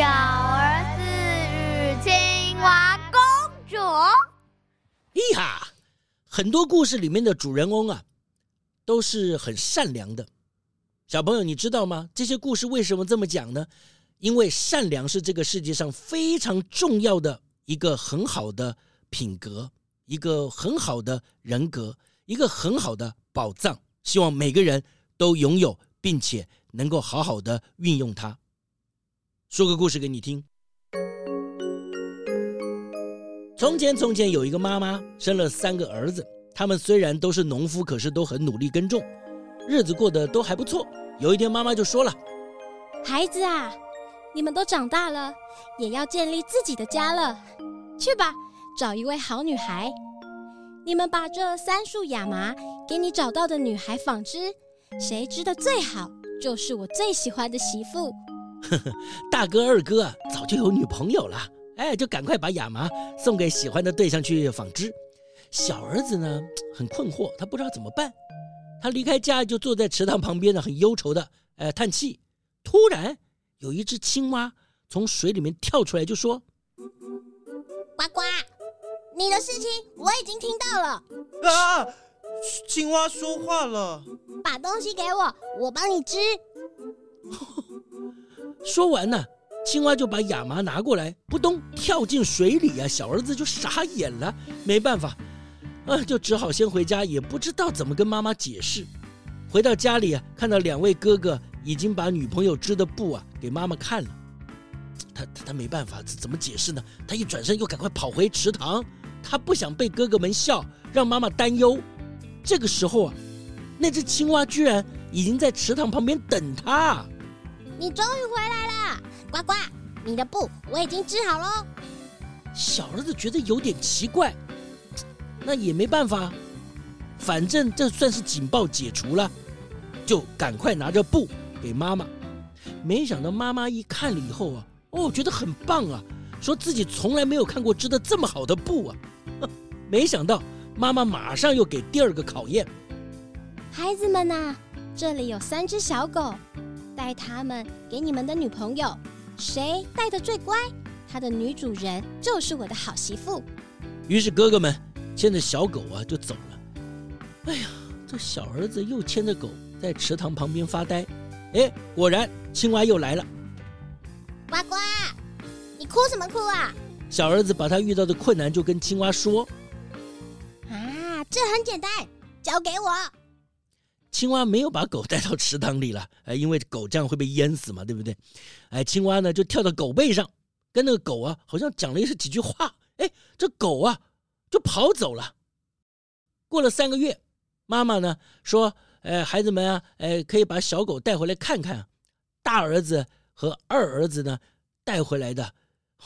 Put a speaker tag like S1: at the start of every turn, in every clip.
S1: 小兒子與青蛙公主。
S2: 咿哈，很多故事裡面的主人翁啊，都是很善良的。小朋友，你知道嗎？這些故事為什麼這麼講呢？因為善良是這個世界上非常重要的一個很好的品格，一個很好的人格，一個很好的寶藏，希望每個人都擁有，並且能夠好好的運用它。說個故事給你聽。從前，從前有一個媽媽生了三個兒子。他們雖然都是農夫，可是都很努力耕種，日子過得都還不錯。有一天，媽媽就說了：“孩子啊，
S1: 你們都長大了，也要建立自己的家了。去吧，找一位好女孩。你們把這三束亞麻給你找到的女孩紡織，誰織得最好，就是我最喜歡的媳婦。”
S2: 大哥二哥早就有女朋友了，哎，就趕快把亞麻送給喜歡的對象去紡織。小兒子呢，很困惑，他不知道怎麼辦，他離開家，就坐在池塘旁邊呢，很憂愁的，呃嘆氣。突然有一隻青蛙從水裡面跳出來，就說：“
S1: 呱呱，你的事情我已經聽到了。”
S2: 啊，青蛙說話了，
S1: 把東西給我，我幫你織。
S2: 說完呢，青蛙就把亞麻拿過來，撲咚跳進水裡呀！小兒子就傻眼了，沒辦法，啊，就只好先回家，也不知道怎麼跟媽媽解釋。回到家裡啊，看到兩位哥哥已經把女朋友織的布啊給媽媽看了，他他他沒辦法，怎麼解釋呢？他一轉身又趕快跑回池塘，他不想被哥哥們笑，讓媽媽擔憂。這個時候啊，那隻青蛙居然已經在池塘旁邊等他。
S1: 你終於回來了，呱呱，你的布我已經織好了、哦。
S2: 小兒子覺得有點奇怪，那也沒辦法，反正這算是警報解除了，就趕快拿着布給媽媽。沒想到媽媽一看了以後啊，哦，覺得很棒啊，說自己從來沒有看過織得這麼好的布啊。沒想到媽媽馬上又給第二個考驗，孩子們吶、啊，這
S1: 裡有三隻小狗。帶他們給你們的女朋友，誰帶得最乖？他的女主人就是我的好媳婦。
S2: 於是哥哥們牽着小狗啊就走了。哎呀，這小兒子又牽着狗在池塘旁邊發呆。哎，果然青蛙又來
S1: 了。呱呱，你哭什麼哭啊？
S2: 小兒子把他遇到的困難就跟青蛙說。
S1: 啊，這很簡單，交給我。
S2: 青蛙沒有把狗帶到池塘裡了，哎，因為狗這樣會被淹死嘛，對不對？哎，青蛙呢就跳到狗背上，跟那個狗啊好像講了一些幾句話，哎，這狗啊就跑走了。過了三個月，媽媽呢說：“哎，孩子們啊，哎，可以把小狗帶回來看看。”大兒子和二兒子呢帶回來的、哦，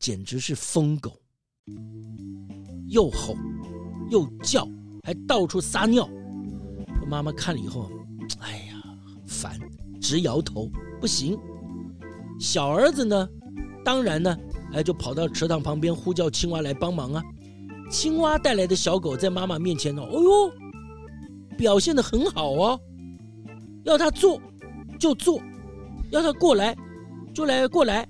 S2: 簡直是瘋狗，又吼又叫，還到處撒尿。媽媽看了以後，哎呀，煩，直搖頭，不行。小兒子呢，當然呢，哎，就跑到池塘旁邊呼叫青蛙來幫忙啊。青蛙帶來的小狗在媽媽面前呢，哎呦，表現得很好哦，要它坐就坐，要它過來就來過來，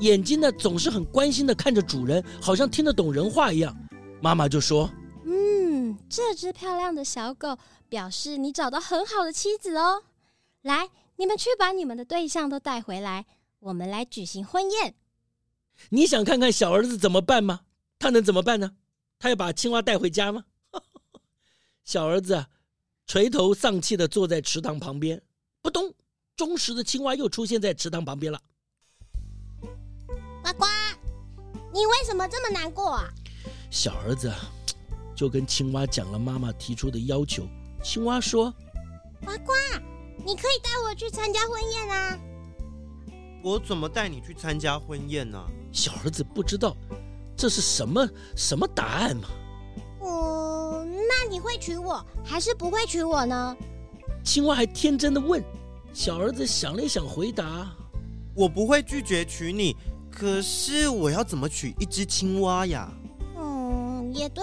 S2: 眼睛呢總是很關心地看着主人，好像聽得懂人話一樣。媽媽就說，
S1: 嗯，這只漂亮的小狗。表示你找到很好的妻子哦，來，你們去把你們的對象都帶回來，我們來舉行婚宴。
S2: 你想看看小兒子怎麼辦嗎？他能怎麼辦呢？他要把青蛙帶回家嗎？ 小兒子垂頭喪氣的坐在池塘旁邊。撲通，忠實的青蛙又出現在池塘旁邊
S1: 了。呱呱，你為什麼這麼難過啊？
S2: 小兒子就跟青蛙講了媽媽提出的要求。青蛙說：“
S1: 呱呱，你可以帶我去參加婚宴啊？
S2: 我怎麼帶你去參加婚宴呢、啊？小兒子不知道這是什麼什麼答案嗎？哦、嗯，
S1: 那你會娶我還是不會娶我呢？”
S2: 青蛙還天真的問。小兒子想了一想，回答：“我不會拒絕娶你，可是我要怎麼娶一隻青蛙呀？”嗯，
S1: 也對，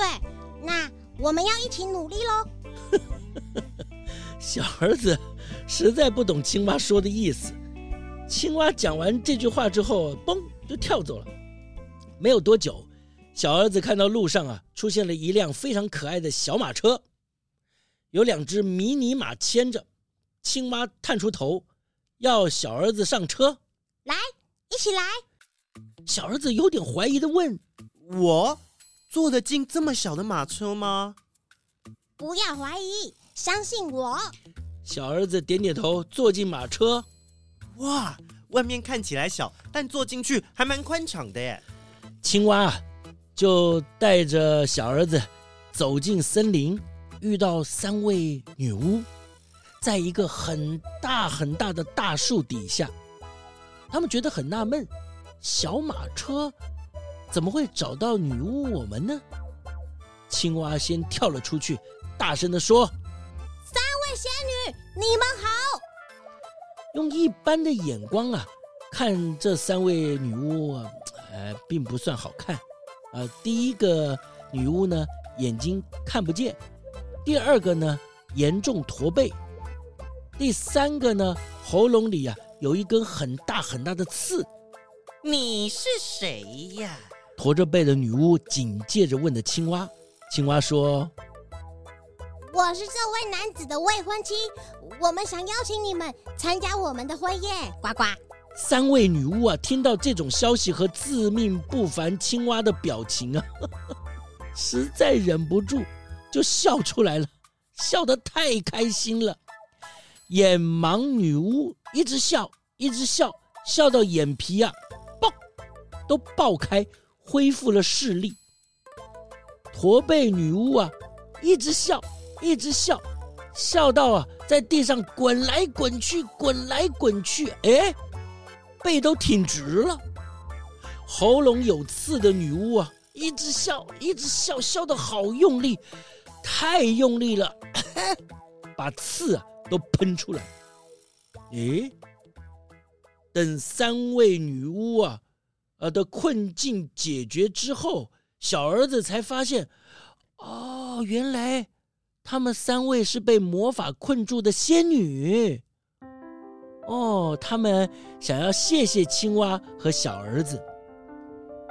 S1: 那我們要一起努力嘍。
S2: 小兒子實在不懂青蛙說的意思。青蛙講完這句話之後，嘣就跳走了。沒有多久，小兒子看到路上啊出現了一輛非常可愛的小馬車，有兩隻迷你馬牽着。青蛙探出頭，要小兒子上車，來，一起來。小兒子有點懷疑的問：“我坐得進這麼小的馬車嗎？”
S1: 不要懷疑。相信我。
S2: 小兒子點點頭，坐進馬車。哇，外面看起來小，但坐進去還蠻寬敞的耶。青蛙就帶着小兒子走進森林，遇到三位女巫，在一個很大很大的大樹底下，他們覺得很納悶，小馬車怎麼會找到女巫我們呢？青蛙先跳了出去，大聲地說。
S1: 仙女，你們好。
S2: 用一般的眼光啊，看這三位女巫啊，呃，並不算好看。呃，第一個女巫呢，眼睛看不見；第二個呢，嚴重駝背；第三個呢，喉嚨裡啊，有一根很大很大的刺。你是誰呀？駝着背的女巫緊接着問的青蛙，青蛙說，
S1: 我是這位男子的未婚妻，我們想邀請你們參加我們的婚宴。呱呱，
S2: 三位女巫啊，聽到這種消息和自命不凡青蛙的表情啊，呵呵，實在忍不住就笑出來了，笑得太開心了。眼盲女巫一直笑，一直笑，笑到眼皮啊爆，都爆開，恢復了視力。駝背女巫啊，一直笑。一直笑，笑到啊，在地上滾來滾去，滾來滾去，哎，背都挺直了。喉嚨有刺的女巫啊，一直笑，一直笑，笑得好用力，太用力了， 把刺啊都噴出來。哎，等三位女巫啊，呃、啊、的困境解決之後，小兒子才發現，哦，原來。他們三位是被魔法困住的仙女，哦，他們想要謝謝青蛙和小兒子。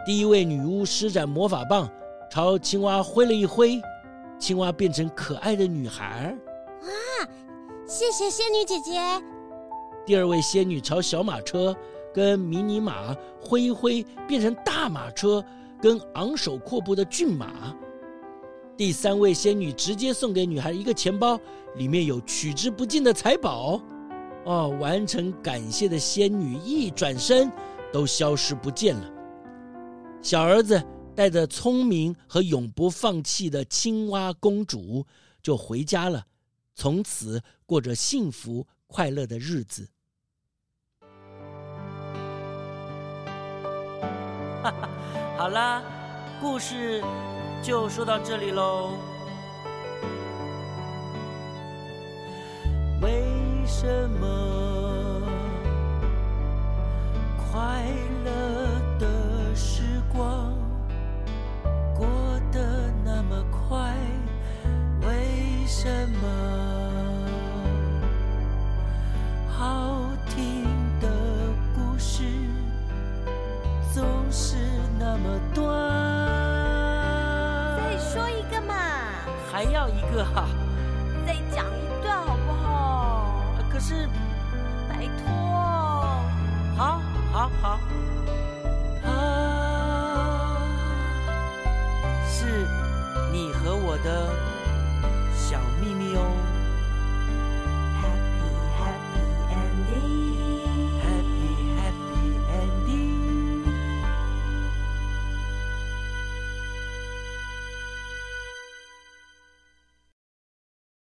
S2: 第一位女巫施展魔法棒，朝青蛙揮了一揮，青蛙變成可愛的女孩兒。哇，
S1: 謝謝仙女
S2: 姐姐！第二位仙女朝小馬車跟迷你馬揮一揮，變成大馬車跟昂首闊步的駿馬。第三位仙女直接送給女孩一個錢包，裡面有取之不盡的財寶。哦，完成感謝的仙女一轉身都消失不見了。小兒子帶着聰明和永不放棄的青蛙公主就回家了，從此過着幸福快樂的日子。哈哈，好啦，故事。就說到這裡嘍。為什麼快樂的時光過得那麼快？為什麼好聽的故事總是那麼短？還要一個哈、啊，再講一段好不好？可是，拜託，好，好，好，啊，是你和我的小秘密哦。